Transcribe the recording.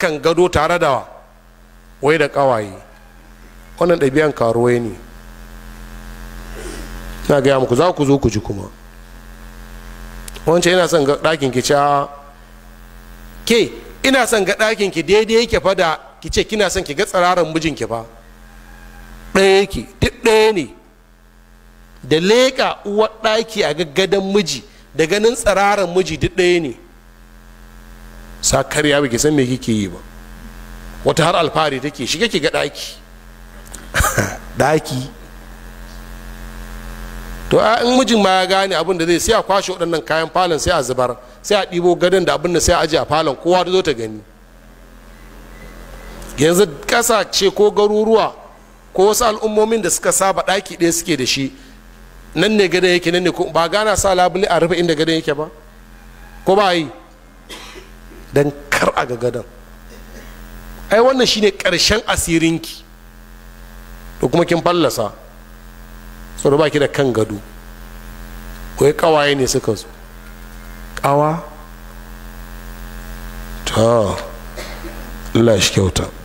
kan gado tare da wai da kawaye wannan ɗabi'an karuwai ne na gaya muku za ku zo ku ji kuma wancan yana son ga ɗakin ki cewa ke ina son ga ɗakin ki daidai yake fa da ki ce kina son ki ga tsiraran mijin ki fa ɗaya yake duk ɗaya ne da leƙa uwar ɗaki a gadon miji da ganin tsiraran miji duk ɗaya ne sa karya ba ki san me kike yi ba wata har alfahari take shiga ki ga daki daki to a in mijin ma ya gane abin da zai sai a kwashe waɗannan kayan falon sai a zubar sai a ɗibo gadon da abin da sai a aje a falon kowa da zo ta gani yanzu ce ko garuruwa ko wasu al'ummomin da suka saba ɗaki ɗaya suke da shi nan ne gadon yake nan ne ba gana sa labule a rufe inda gadon yake ba ko ba yi don kar a ga gadon ai wannan shine ƙarshen asirinki to kuma kin fallasa tsoro baki da kan gado wai kawaye ne suka zo kawa ta Allah shi kyauta